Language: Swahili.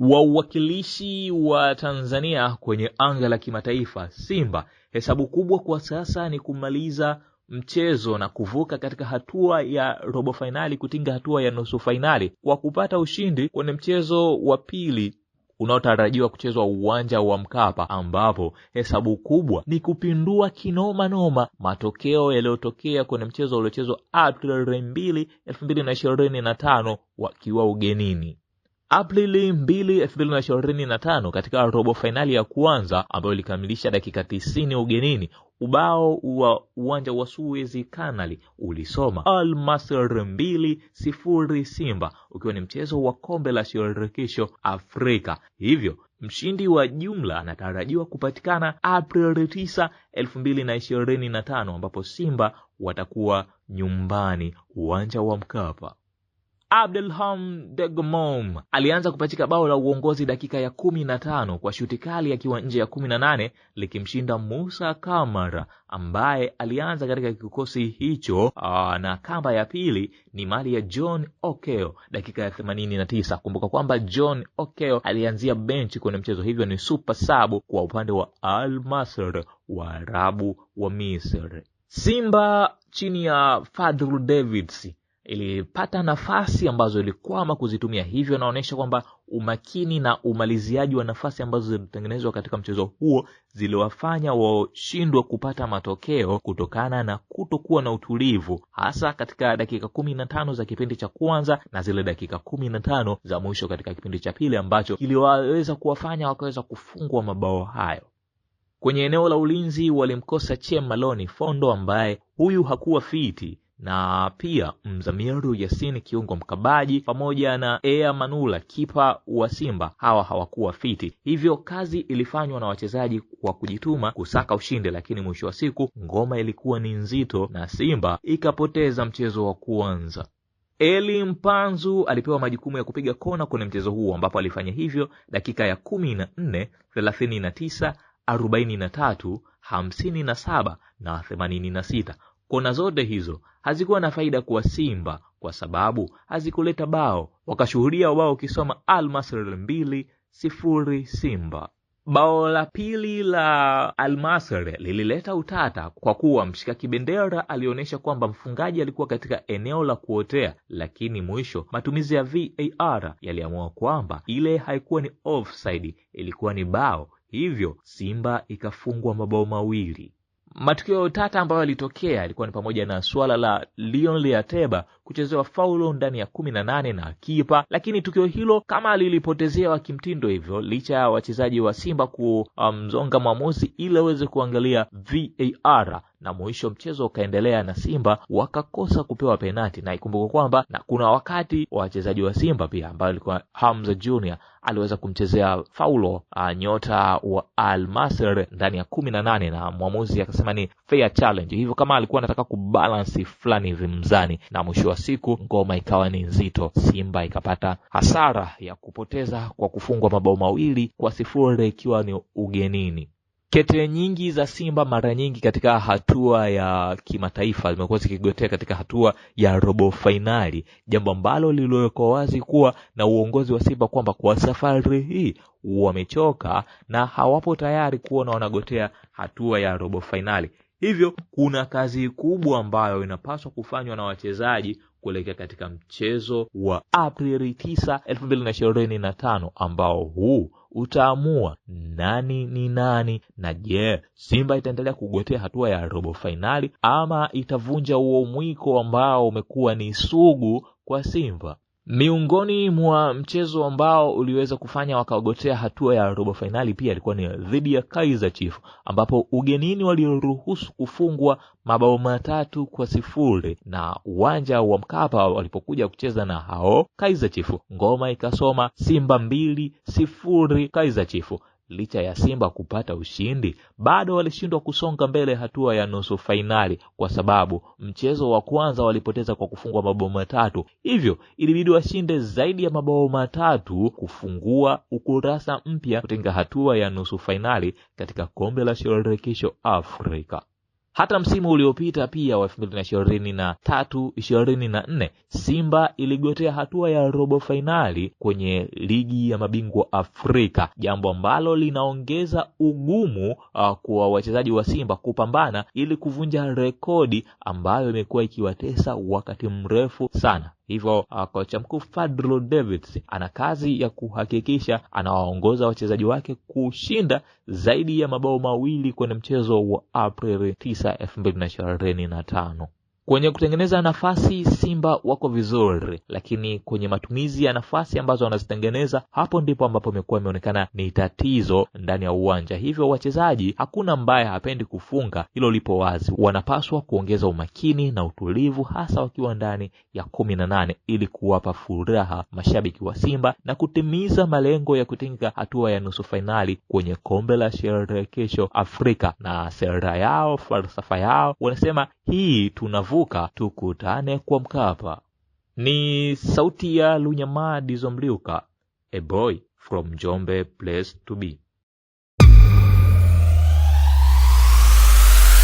wa uwakilishi wa Tanzania kwenye anga la kimataifa. Simba hesabu kubwa kwa sasa ni kumaliza mchezo na kuvuka katika hatua ya robo fainali kutinga hatua ya nusu fainali kwa kupata ushindi kwenye mchezo wa pili unaotarajiwa kuchezwa uwanja wa Mkapa, ambapo hesabu kubwa ni kupindua kinoma noma matokeo yaliyotokea kwenye mchezo uliochezwa Aprili mbili elfu mbili na ishirini na tano wakiwa ugenini. Aprili 2, 2025 katika robo fainali ya kwanza ambayo ilikamilisha dakika 90 ugenini, ubao wa uwanja wa Suez Canal ulisoma Al Masr 2 sifuri Simba, ukiwa ni mchezo wa kombe la shirikisho Afrika. Hivyo mshindi wa jumla anatarajiwa kupatikana Aprili 9, 2025 ambapo Simba watakuwa nyumbani uwanja wa Mkapa. Abdelham Gomom alianza kupachika bao la uongozi dakika ya kumi na tano kwa shuti kali akiwa nje ya kumi na nane likimshinda Musa Kamara ambaye alianza katika kikosi hicho. Aa, ah, na kamba ya pili ni mali ya John Okeo dakika ya themanini na tisa. Kumbuka kwamba John Okeo alianzia benchi kwenye mchezo, hivyo ni super sabu kwa upande wa Al Masr wa arabu wa Misri. Simba chini ya Fadhlu Davids ilipata nafasi ambazo ilikwama kuzitumia, hivyo inaonyesha kwamba umakini na umaliziaji wa nafasi ambazo zilitengenezwa katika mchezo huo ziliwafanya washindwa kupata matokeo kutokana na kutokuwa na utulivu, hasa katika dakika kumi na tano za kipindi cha kwanza na zile dakika kumi na tano za mwisho katika kipindi cha pili ambacho kiliwaweza kuwafanya wakaweza kufungwa mabao hayo. Kwenye eneo la ulinzi walimkosa chemaloni Fondo ambaye huyu hakuwa fiti na pia Mzamiru Yasini kiungo mkabaji pamoja na Ea Manula kipa wa Simba hawa hawakuwa fiti, hivyo kazi ilifanywa na wachezaji kwa kujituma kusaka ushindi, lakini mwisho wa siku ngoma ilikuwa ni nzito na Simba ikapoteza mchezo wa kwanza. Eli Mpanzu alipewa majukumu ya kupiga kona kwenye mchezo huo ambapo alifanya hivyo dakika ya kumi na nne, thelathini na tisa, arobaini na tatu, hamsini na saba na themanini na sita. Kona zote hizo hazikuwa na faida kwa Simba kwa sababu hazikuleta bao, wakashuhudia wao kisoma al 2 mbili sifuri Simba. Bao la pili la al lilileta utata kwa kuwa mshika kibendera alionyesha kwamba mfungaji alikuwa katika eneo la kuotea, lakini mwisho matumizi ya VAR yaliamua kwamba ile haikuwa ni offside, ilikuwa ni bao, hivyo Simba ikafungwa mabao mawili. Matukio tata ambayo yalitokea yalikuwa ni pamoja na suala la Leon liateba kuchezewa faulo ndani ya kumi na nane na kipa, lakini tukio hilo kama lilipotezea wa kimtindo hivyo, licha ya wachezaji wa Simba kumzonga um, mwamuzi ili aweze kuangalia VAR na mwisho mchezo ukaendelea na Simba wakakosa kupewa penati, na ikumbuka kwamba na kuna wakati wa wachezaji wa Simba pia ambayo alikuwa Hamza Junior aliweza kumchezea faulo a, ah, nyota wa Al Masr ndani ya kumi na nane na mwamuzi akasema ni fair challenge, hivyo kama alikuwa anataka kubalansi fulani hivi mzani, na mwisho wa siku ngoma ikawa ni nzito, Simba ikapata hasara ya kupoteza kwa kufungwa mabao mawili kwa sifuri ikiwa ni ugenini kete nyingi za Simba mara nyingi katika hatua ya kimataifa zimekuwa zikigotea katika hatua ya robo fainali, jambo ambalo liliwekwa wazi kuwa na uongozi wa Simba kwamba kwa safari hii wamechoka na hawapo tayari kuona wanagotea hatua ya robo fainali. Hivyo kuna kazi kubwa ambayo inapaswa kufanywa na wachezaji kuelekea katika mchezo wa Aprili 9, 2025 ambao huu utaamua nani ni nani, na je, Simba itaendelea kugotea hatua ya robo fainali ama itavunja uo mwiko ambao umekuwa ni sugu kwa Simba. Miongoni mwa mchezo ambao uliweza kufanya wakaogotea hatua ya robo fainali pia ilikuwa ni dhidi ya kaiza chief ambapo ugenini waliruhusu kufungwa mabao matatu kwa sifuri na uwanja wa Mkapa walipokuja kucheza na hao kaiza chief ngoma ikasoma Simba mbili sifuri kaiza chief Licha ya Simba kupata ushindi, bado walishindwa kusonga mbele hatua ya nusu fainali, kwa sababu mchezo wa kwanza walipoteza kwa kufungwa mabao matatu, hivyo ilibidi washinde zaidi ya mabao matatu kufungua ukurasa mpya kutenga hatua ya nusu fainali katika kombe la shirikisho Afrika. Hata msimu uliopita pia wa 2023 nne Simba iligotea hatua ya robo fainali kwenye ligi ya mabingwa Afrika, jambo ambalo linaongeza ugumu uh, kwa wachezaji wa Simba kupambana ili kuvunja rekodi ambayo imekuwa ikiwatesa wakati mrefu sana. Hivyo uh, kocha mkuu Fadlo Davids ana kazi ya kuhakikisha anawaongoza wachezaji wake kushinda zaidi ya mabao mawili kwenye mchezo wa Aprili 9, 2025. Kwenye kutengeneza nafasi Simba wako vizuri, lakini kwenye matumizi ya nafasi ambazo wanazitengeneza, hapo ndipo ambapo imekuwa imeonekana ni tatizo ndani ya uwanja. Hivyo wachezaji, hakuna mbaya hapendi kufunga, hilo lipo wazi. Wanapaswa kuongeza umakini na utulivu, hasa wakiwa ndani ya kumi na nane ili kuwapa furaha mashabiki wa Simba na kutimiza malengo ya kutinga hatua ya nusu fainali kwenye kombe la shirikisho Afrika. Na sera yao, falsafa yao, wanasema hii tunavu Kumbuka tukutane kwa Mkapa. Ni sauti ya Lunyamadi Zomliuka, a boy from Jombe, place to be.